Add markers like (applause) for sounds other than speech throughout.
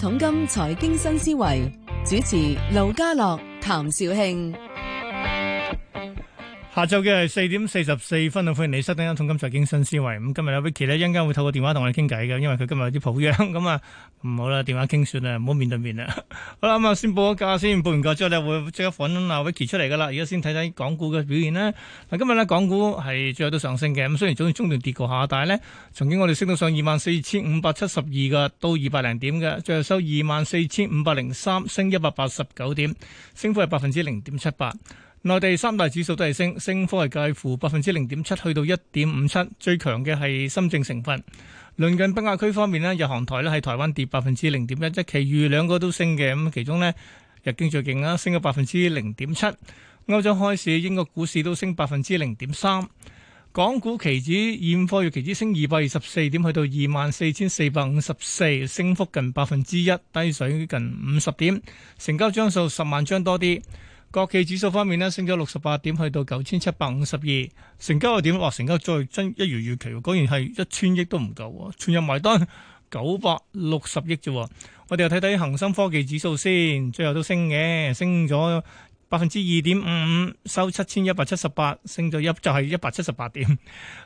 統金財經新思維主持樂：盧家樂、譚兆慶。下晝嘅係四點四十四分啊！歡迎你收聽《一桶金財經新思維》。咁今日阿 Vicky 呢，一陣間會透過電話同我哋傾偈嘅，因為佢今日有啲抱恙。咁、嗯、啊，唔好啦，電話傾算啦，唔好面對面啦。 (laughs) 好啦，咁啊，先報個價先，報完價之後咧，會即刻揾阿 Vicky 出嚟噶啦。而家先睇睇港股嘅表現啦。嗱，今日呢，港股係最後都上升嘅。咁雖然早段中段跌過下，但係呢，曾經我哋升到上二萬四千五百七十二嘅，到二百零點嘅，最後收二萬四千五百零三，升一百八十九點，升幅係百分之零點七八。內地三大指數都係升，升幅係介乎百分之零點七去到一點五七，最強嘅係深證成分。鄰近北亞區方面咧，日韓台咧喺台灣跌百分之零點一，即係，其餘兩個都升嘅。咁其中呢，日經最勁啦，升咗百分之零點七。歐洲開市，英國股市都升百分之零點三。港股期指、現貨月期指升二百二十四點，去到二萬四千四百五十四，升幅近百分之一，低水近五十點，成交張數十萬張多啲。國企指數方面咧，升咗六十八點，去到九千七百五十二。成交又點？哇，成交再增一如預期，果然係一千億都唔夠，啊，全入埋單九百六十億啫。我哋又睇睇恒生科技指數先，最後都升嘅，升咗百分之二點五五，收七千一百七十八，升咗一就係一百七十八點。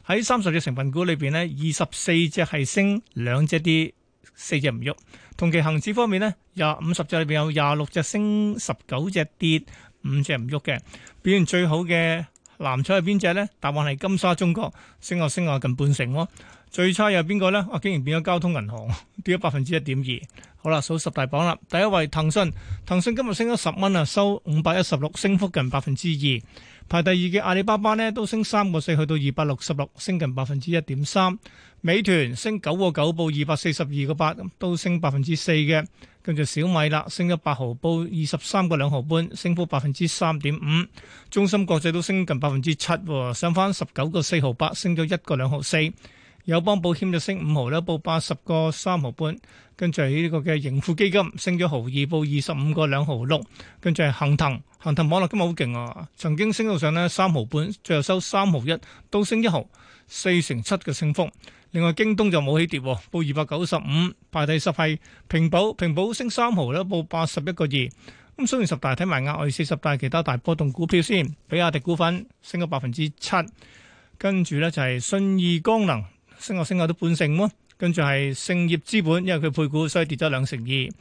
喺三十隻成分股裏邊呢，二十四隻係升，兩隻跌，四隻唔喐。同期恒指方面呢，廿五十隻裏邊有廿六隻升，十九隻跌。五隻唔喐嘅，表現最好嘅藍籌係邊隻呢？答案係金沙中國，升落升落近半成咯。最差又係邊個呢？我、啊、竟然變咗交通銀行，跌咗百分之一點二。好啦，數十大榜啦，第一位騰訊，騰訊今日升咗十蚊啊，收五百一十六，升幅近百分之二。排第二嘅阿里巴巴呢都升三個四去到二百六十六，升近百分之一點三。美團升九個九，報二百四十二個八，都升百分之四嘅。跟住小米啦，升咗八毫，報二十三個兩毫半，升幅百分之三點五。中芯國際都升近百分之七，上返十九個四毫八，升咗一個兩毫四。友邦保險就升五毫咧，報八十個三毫半。跟住係呢個嘅盈富基金升咗毫二，報二十五個兩毫六。跟住係恆騰，恆騰網絡今日好勁啊！曾經升到上咧三毫半，最後收三毫一，都升一毫，四成七嘅升幅。另外，京東就冇起跌，報二百九十五，排第十係平保，平保升三毫咧，報八十一個二。咁雖然十大睇埋，額外四十大其他大波動股票先，比亞迪股份升咗百分之七。跟住咧就係信義光能。升我升我都半成咯，跟住係盛業資本，因為佢配股，所以跌咗兩成二。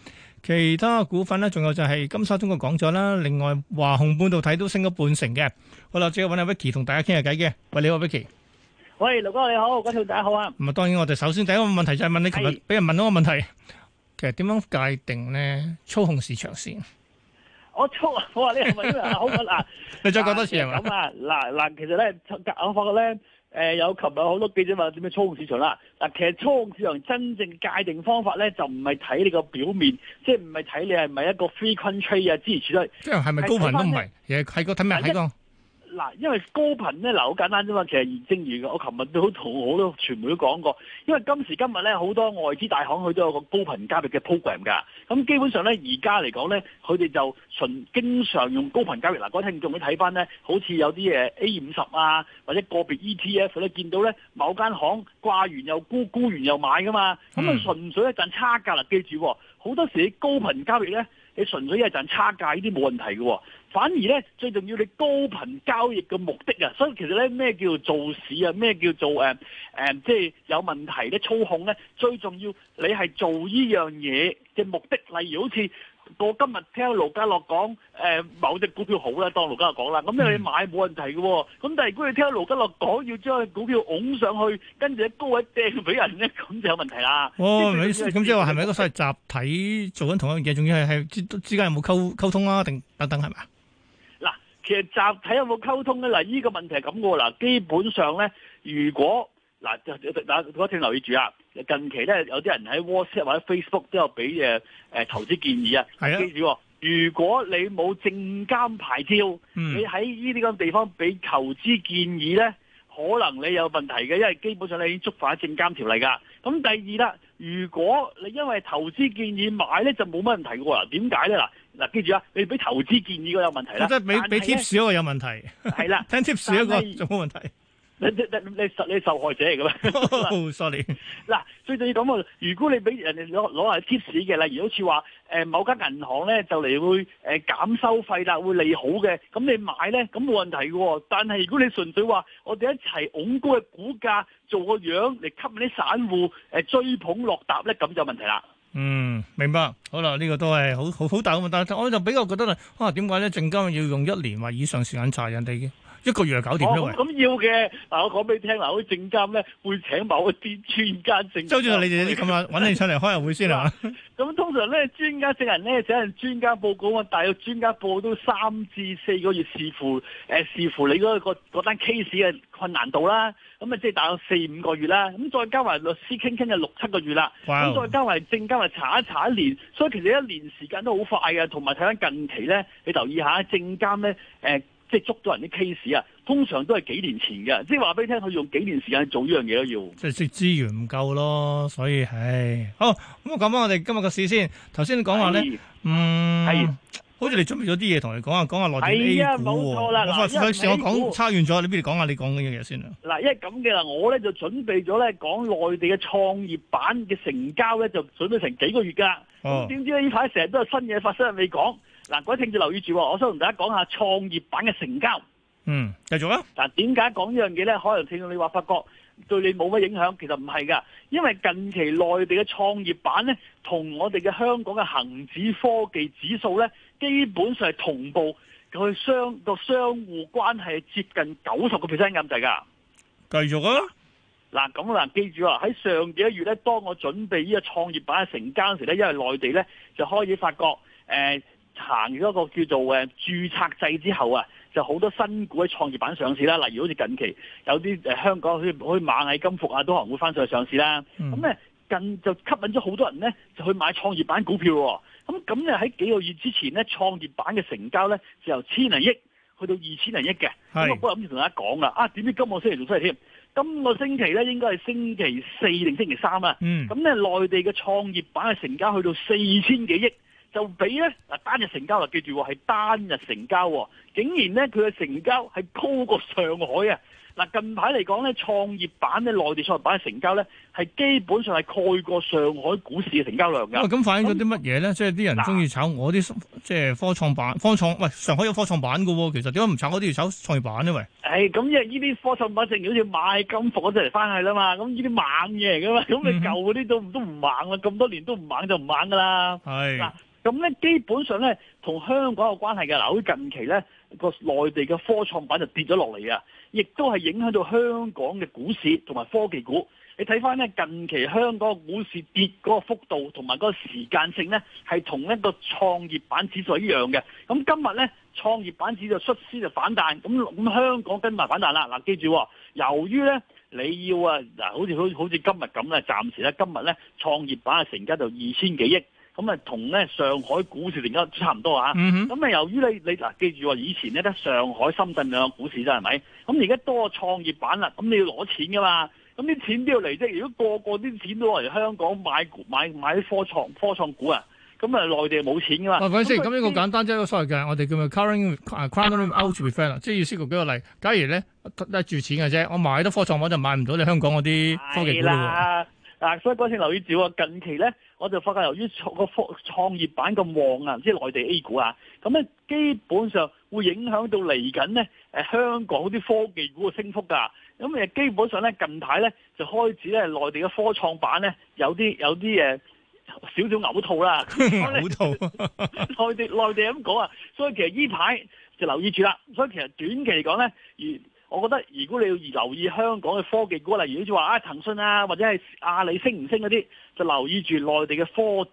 其他股份咧，仲有就係金沙中國講咗啦。另外華虹半導體都升咗半成嘅。好啦，最後揾阿 Vicky 同大家傾下偈嘅。喂，你好 Vicky。喂，劉哥你好，觀眾大家好啊。唔係，當然我哋首先第一個問題就係問你，琴日俾人問到個問題，其實點樣界定咧操控市場先？我操！我話你問好乜啊？你再講多次係嘛？咁啊，嗱嗱，其實咧，我發覺咧。誒有，琴日好多記者問點樣操控市場啦。嗱，其實操控市場真正界定方法咧，就唔係睇你個表面，即係唔係睇你係咪一個 frequent trade 啊，諸如此類，即係係咪高頻都唔係，誒係個睇咩睇個？嗱，因為高頻咧，嗱好簡單啫嘛。其實正如我琴日都好同好多傳媒都講過，因為今時今日咧，好多外資大行佢都有個高頻交易嘅 program 㗎。咁基本上咧，而家嚟講咧，佢哋就純經常用高頻交易。嗱，各位聽眾可以睇翻咧，好似有啲嘢 A 五十啊，或者個別 ETF，你見到咧，某間行掛完又沽，沽完又買㗎嘛。咁啊，純粹一賺差價啦，記住。好多時高頻交易咧。你純粹一陣差價，呢啲冇問題嘅。哦。反而呢，最重要你高頻交易嘅目的啊，所以其實呢，咩叫做做市啊，咩叫做、啊啊、即係有問題呢？操控呢？最重要你係做呢樣嘢嘅目的，例如好似。我今日聽盧家樂講，誒、欸、某隻股票好咧，當盧家樂講啦，咁因為你買冇問題嘅。咁、嗯、但係如果你聽盧家樂講要將股票拱上去，跟住喺高位掟俾人咧，咁就有問題啦。哦，咁道即係話係咪一個所謂集體做緊同一樣嘢，仲要係係之之間有冇溝溝通啊？定等等係咪啊？嗱，其實集體有冇溝通咧？嗱，依個問題係咁喎。嗱，基本上咧，如果嗱嗱大家請留意住啊。近期咧，有啲人喺 WhatsApp 或者 Facebook 都有俾嘅、呃、投資建議啊。係啊的，記住，如果你冇證監牌照，嗯、你喺呢啲咁嘅地方俾投資建議咧，可能你有問題嘅，因為基本上你已經觸犯咗證監條例㗎。咁第二啦，如果你因為投資建議買咧，就冇乜問題㗎啦。點解咧？嗱嗱，記住啊，你俾投資建議個有問題啦，即係俾俾 tips 個有問題，係啦的， (laughs) 聽 tips 個仲冇問題。你你受你受害者嚟嘅咩？sorry。嗱，最重要咁啊，如果你俾人哋攞攞下 tips 嘅啦，例如好似話誒某間銀行咧就嚟會誒減收費啦，會利好嘅，咁你買咧咁冇問題嘅。但係如果你純粹話我哋一齊拱高嘅股價，做個樣嚟吸引啲散戶誒追捧落疊咧，咁就問題啦。嗯，明白。好啦，呢、這個都係好好好大嘅問題。我就比較覺得啦，啊點解咧，證監要用一年或以上時間查人哋嘅？一個月就搞掂嘅，咁要嘅。嗱，我講俾你聽，嗱，好似證監咧會請某一啲專家證。周主任，你哋咁樣搵你上嚟開下會先嚇。咁、 (laughs) 啊、通常咧，專家證人咧請人專家報告我大約專家報都三至四個月，視乎誒、呃、視乎你嗰、那個嗰單 case 嘅困難度啦。咁啊，即係大約四五個月啦。咁再加埋律師傾傾就六七個月啦。咁哇再加埋證監話查一查一年，所以其實一年時間都好快嘅、啊。同埋睇緊近期咧，你留意下證監咧即係捉到人啲 case 啊，通常都係幾年前嘅，即係話俾你聽，佢用幾年時間去做呢樣嘢都要。即係資源唔夠咯，所以唉、哎。好，咁我講翻我哋今日個事先。頭先你講話咧，是嗯，係是，好似你準備咗啲嘢同你講講，講，講、哦、啊，講下內地 A 股喎。嗱，費事我講差遠咗，你不如講下你講緊嘅嘢先啊。嗱，因為咁嘅啦，我咧就準備咗咧講內地嘅創業板嘅成交咧就準備成幾個月㗎。咁點、哦、知呢？排成日都有新嘢發生未講。嗱，各位聽住留意住，我想同大家講下創業板嘅成交。嗯，繼續啦。嗱，點解講呢樣嘢咧？可能聽到你話發覺對你冇乜影響，其實唔係噶，因為近期內地嘅創業板咧，同我哋嘅香港嘅恒指科技指數咧，基本上係同步，佢相個相互關係接近九十個 percent 咁滯噶。繼續啊。嗱，咁嗱，記住啊，喺上幾個月咧，當我準備呢個創業板嘅成交時咧，因為內地咧就開始發覺，誒、呃。行咗一個叫做誒註冊制之後啊，就好多新股喺創業板上市啦。例如好似近期有啲誒香港去去螞蟻金服啊，都可能會翻上去上市啦。咁咧、嗯、近就吸引咗好多人咧，就去買創業板股票喎。咁咁咧，喺幾個月之前咧，創業板嘅成交咧就由千零億去到二千零億嘅。咁啊，不諗住同大家講啦。啊，點知今個星期仲犀利添？今個星期咧應該係星期四定星期三啊。咁咧，內地嘅創業板嘅成交去到四千幾億。就比咧，嗱單日成交啦，記住喎，係單日成交喎，哦，竟然咧，佢嘅成交係高過上海啊！嗱近排嚟講咧，創業板咧，內地創業板嘅成交咧，係基本上係蓋過上海股市嘅成交量㗎。咁、哦、反映咗啲乜嘢咧？那即係啲人中意炒我啲即係科創板、科創喂，上海有科創板㗎喎。其實點解唔炒我啲，炒創業板咧？喂、哎。係，咁因為呢啲科創板正好似馬金服嗰陣嚟翻去啦嘛。咁呢啲猛嘢嚟㗎嘛。咁你舊嗰啲都、嗯、都唔猛啦，咁多年都唔猛就唔猛㗎啦。係是。嗱、啊，咁咧基本上咧。同香港有關係嘅嗱，好近期咧個內地嘅科創板就跌咗落嚟啊，亦都係影響到香港嘅股市同埋科技股。你睇翻咧近期香港股市跌嗰個幅度同埋嗰個時間性咧，係同一個創業板指數一樣嘅。咁今日咧創業板指就率先就反彈，咁咁香港跟埋反彈啦。嗱，記住，哦，由於咧你要啊嗱，好似好好似今日咁咧，暫時咧今日咧創業板嘅成交就二千幾億。咁啊，同咧上海股市而家差唔多啊！咁啊、嗯哼，由於你你嗱，記住啊，以前咧得上海、深圳兩個股市啫，係咪？咁而家多創業板啦，咁你要攞錢噶嘛？咁啲錢都要嚟即如果個個啲錢都攞嚟香港買，買,買股、買買啲科創科創股啊，咁啊，內地冇錢噶嘛？啊、嗯，講先，咁呢個簡單即係一個衰嘅，我哋叫做 current current outperform 啊，即係意思，舉幾個例。假如咧得住錢嘅啫，我買得科創我就買唔到你香港嗰啲科技股啦。啊，所以嗰次留意住喎，近期咧我就發覺由於個科創，創業板咁旺啊，即係內地 A 股啊，咁、啊、咧基本上會影響到嚟緊咧誒香港啲科技股嘅升幅㗎、啊，咁、啊、誒、啊、基本上咧近排咧就開始咧內地嘅科創板咧有啲有啲誒少少嘔吐啦，嘔吐，內地內地咁講啊，所以其實依排就留意住啦，所以其實短期嚟講咧。而我覺得如果你要留意香港嘅科技股，例如好似話啊騰訊啊或者係阿里升唔升嗰啲，就留意住內地嘅科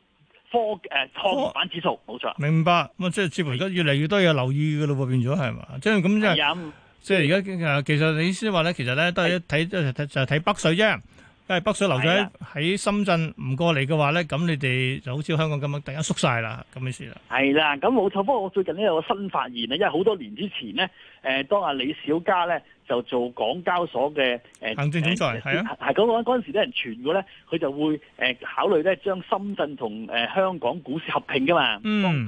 科誒、啊、創業板指數，冇錯。明白，咁即係似乎而家越嚟越多嘢留意嘅咯喎，變咗係嘛？即係咁即係，即係而家誒，其實你意思話咧，其實咧都係睇就就睇北水啫。誒，北水留喺深圳唔過嚟嘅話咧，咁的你哋就好似香港咁樣突然間縮晒啦，咁嘅事啦。係啦，咁冇錯。不過我最近咧有個新發現，因為好多年之前咧，誒，當阿李小加咧就做港交所嘅誒行政總裁，係啊的，係嗰陣嗰陣時咧，啲人傳過咧，佢就會誒考慮咧將深圳同誒香港股市合併噶嘛。嗯。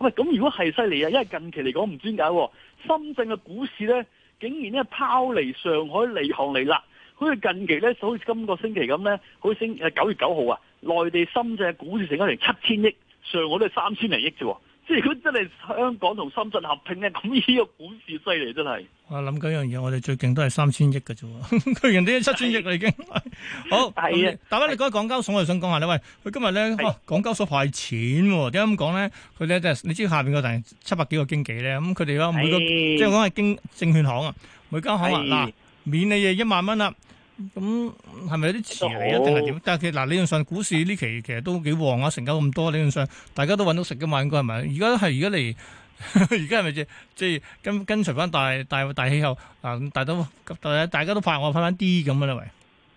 咁如果係犀利啊，因為近期嚟講唔知解，深圳嘅股市咧竟然咧拋離上海離行嚟啦。好似近期咧，好似今個星期咁咧，好似星誒九月九號啊，內地深圳股市成交成七千億，上我都係三千零億啫。即係如果真係香港同深圳合併咧，咁呢個股市犀利真係。我諗緊一樣嘢，我哋最勁都係三千億嘅啫，佢人哋七千億啦已經。好，係啊，但係咧你講緊港交所，我就想講下咧。喂，佢今日咧，港交所派錢喎，點解咁講咧？佢咧即係你知下邊個大七百幾個經紀咧，咁佢哋咧每個即係講係經證券行啊，每間行啊，嗱免你嘢一萬蚊啦。咁係咪有啲詞嚟一定係點？但係其嗱，理論上股市呢期其實都幾旺啊，成交咁多，理論上大家都搵到食嘅嘛。應該係咪？而家係而家嚟，而家係咪即即跟跟隨翻大大大氣候啊？大家都大大家都拍我，拍翻啲咁嘅啦，咪？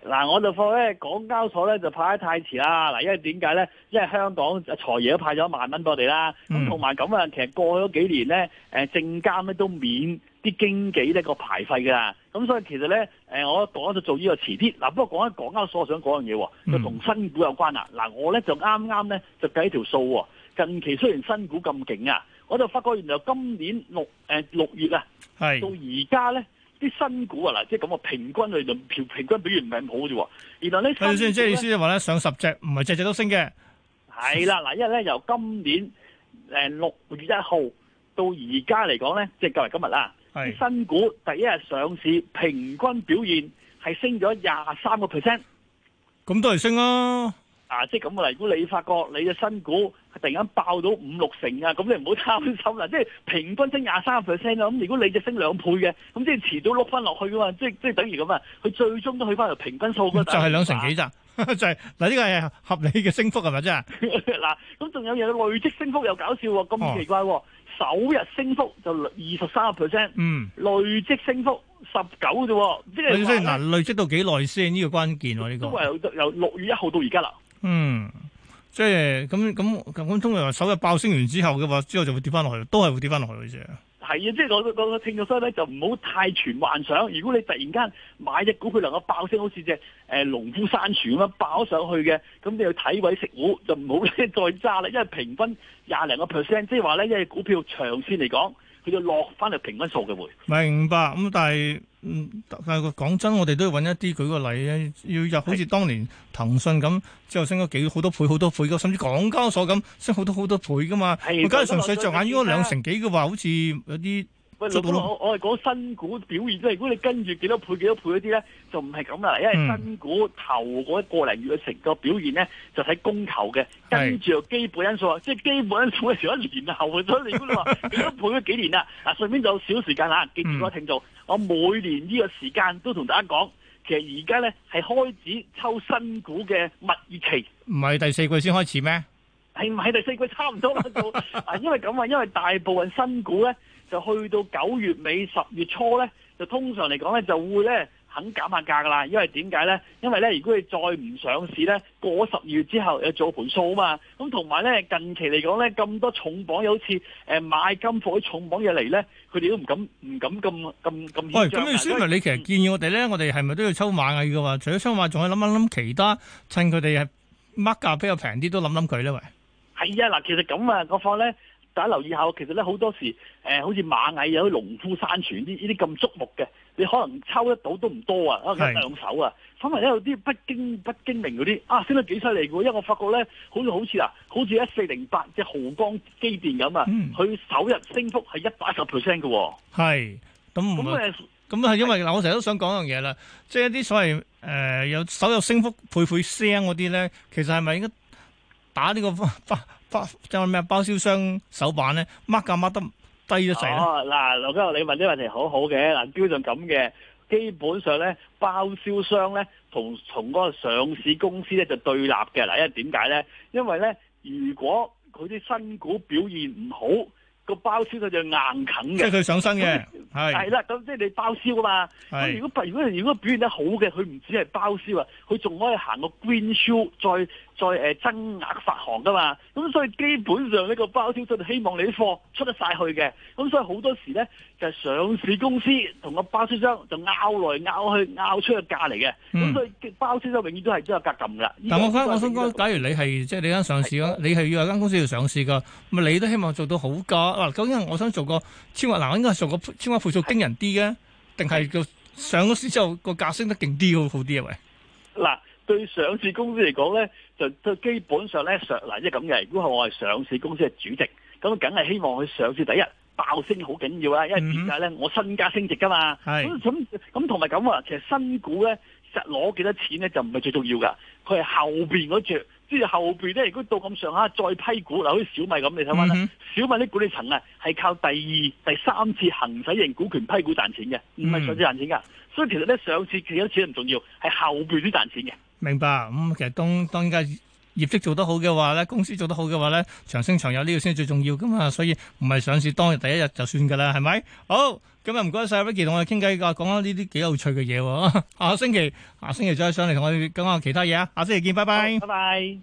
嗱，嗯、我就放咧港交所咧就派得太遲啦。嗱，因為點解咧？因為香港財爺都派咗一萬蚊俾我哋啦。咁同埋咁啊，其實過去咗幾年咧，誒證監咧都免啲經紀呢個牌費㗎。咁所以其實咧，我講就做呢個遲啲。嗱，不過講緊港交所我想講樣嘢，就同新股有關啦。嗱，我咧就啱啱咧就計一條數喎。近期雖然新股咁勁啊，我就發覺原來今年六、呃、六月啊，是到而家咧。啲新股啊，嗱，即係咁啊，平均去就條平均表現唔係咁好啫。然後咧，係先即係意思就話咧，上十隻唔係隻隻都升嘅。係啦，嗱，因為咧由今年誒六月一號到而家嚟講咧，即係今日今日啦，啲新股第一日上市平均表現係升咗廿三個 percent。咁都係升啊！啊、即係咁啊！如果你發覺你嘅新股突然間爆到五六成啊，咁你唔好貪心啦。即係平均升廿三個 percent 啦，咁如果你隻升兩倍嘅，咁即係遲早碌翻落去嘅嘛。即係即係等於咁啊，佢最終都去翻嚟平均數嘅。就係兩成幾咋？就係嗱，呢個係合理嘅升幅係咪真啊？嗱，咁仲有嘢累積升幅又搞笑喎，咁奇怪喎，哦、首日升幅就二十三個 percent，嗯，累積升幅十九啫，即係嗱積、啊，累積到幾耐先？呢、這個關鍵喎，呢個都係由六月一號到而家啦。嗯，即係咁咁咁，通常話首日爆升完之後嘅話，之後就會跌翻落去，都係會跌翻落去嘅。啫。係、就、啊、是那個，即係我我聽咗，那個、所以咧就唔好太存幻想。如果你突然間買隻股票能夠爆升，好似隻誒農夫山泉咁樣爆上去嘅，咁你要睇位食糊，就唔好咧再揸啦。因為平均廿零個 percent，即係話咧，因為股票長線嚟講，佢就落翻嚟平均數嘅回。明白咁、嗯，但係。嗯，但係講真，我哋都要揾一啲，舉個例咧，要入好似當年騰訊咁，之後升咗幾好多倍，好多倍嘅，甚至港交所咁，升好多好多倍㗎嘛。佢而家純粹着眼於嗰兩成幾嘅話，好似有啲。喂，老婆，我我我係講新股表現，即係如果你跟住幾多倍幾多倍嗰啲咧，就唔係咁啦。因為新股頭嗰一個零月成個表現咧，嗯、就睇供求嘅，跟住基本因素啊。是即係基本因素嘅時候一年後，所以你估你話幾多倍咗幾年啦。嗱， (laughs) 順便就少時間啦，各位聽眾，嗯、我每年呢個時間都同大家講，其實而家咧係開始抽新股嘅蜜月期。唔係第四季先開始咩？係唔係第四季差唔多啊？ (laughs) 因為咁啊，因為大部分新股咧。就去到九月尾十月初咧，就通常嚟講咧，就會咧肯減下價噶啦。因為點解咧？因為咧，如果你再唔上市咧，過咗十二月之後又做盤數啊嘛。咁同埋咧，近期嚟講咧，咁多重磅嘢，好似誒買金貨啲重磅嘢嚟咧，佢哋都唔敢唔敢咁咁咁。喂，咁你先，你其實建議我哋咧，我哋係咪都要抽螞蟻嘅話，除咗抽螞，仲可以諗一諗其他，趁佢哋係乜價比較平啲，都諗諗佢咧？喂，係啊，嗱，其實咁啊，個貨咧。大家留意下，其實咧好多時，誒好似螞蟻有啲農夫山泉啲呢啲咁觸目嘅，你可能抽得到都唔多啊，兩手啊。反而咧有啲北京北京明嗰啲，啊升得幾犀利嘅，因為我發覺咧，好似好似啊，好似一四零八隻豪光機電咁啊，佢首日升幅係一百一十 percent 嘅。係，咁唔咁誒，係因為嗱，我成日都想講一樣嘢啦，即係一啲所謂誒有首日升幅倍倍聲嗰啲咧，其實係咪應該打呢個？就係咩包銷商手板咧，乜架乜得低咗滯咧。哦，嗱，劉生你問啲問題好好嘅，嗱，標準咁嘅，基本上咧，包銷商咧同同嗰個上市公司咧就對立嘅，嗱，因為點解咧？因為咧，如果佢啲新股表現唔好，個包銷佢就硬啃嘅。即係佢上身嘅，係就。係啦是，咁即係你包銷啊嘛。咁是如果不如果如果表現得好嘅，佢唔止係包銷啊，佢仲可以行個 green shoe 再。再誒、呃、增額發行噶嘛，咁所以基本上呢個包銷商就希望你啲貨出得晒去嘅，咁所以好多時咧就係、上市公司同個包銷商就拗來拗去拗出個價嚟嘅，咁、嗯、所以包銷商永遠都係都係有格咁噶。但我翻，我想講，假如你係即係你間上市公司，你係要有間公司要上市噶，咁你都希望做到好噶。嗱、啊，究竟我想做個超額，嗱、呃、應該係做個超額倍數驚人啲嘅，定係個上咗市之後個價升得勁啲好啲啊？喂，嗱。對上市公司嚟講咧，就基本上咧，嗱即係咁嘅。如果我係上市公司嘅主席，咁梗係希望佢上市第一爆升好緊要啦，因為點解咧？我身價升值噶嘛。咁咁咁同埋咁啊，其實新股咧，攞幾多錢咧就唔係最重要噶，佢係後面嗰隻，即係後面咧。如果到咁上下再批股，嗱好似小米咁，你睇翻啦，嗯、哼小米啲管理層啊係靠第二、第三次行使型股權批股賺錢嘅，唔係上市賺錢㗎。嗯、所以其實咧，上市攞幾多錢唔重要，係後邊先賺錢嘅。明白，咁、嗯、其實當當依家業績做得好嘅話咧，公司做得好嘅話咧，長生長有呢、這個先係最重要噶嘛，所以唔係上市當日第一日就算噶啦，係咪？好，咁啊唔該晒，Ricky 同我哋傾偈，講下呢啲幾有趣嘅嘢喎。啊，下星期下星期再上嚟同我哋講下其他嘢啊，下星期見，拜拜，拜拜。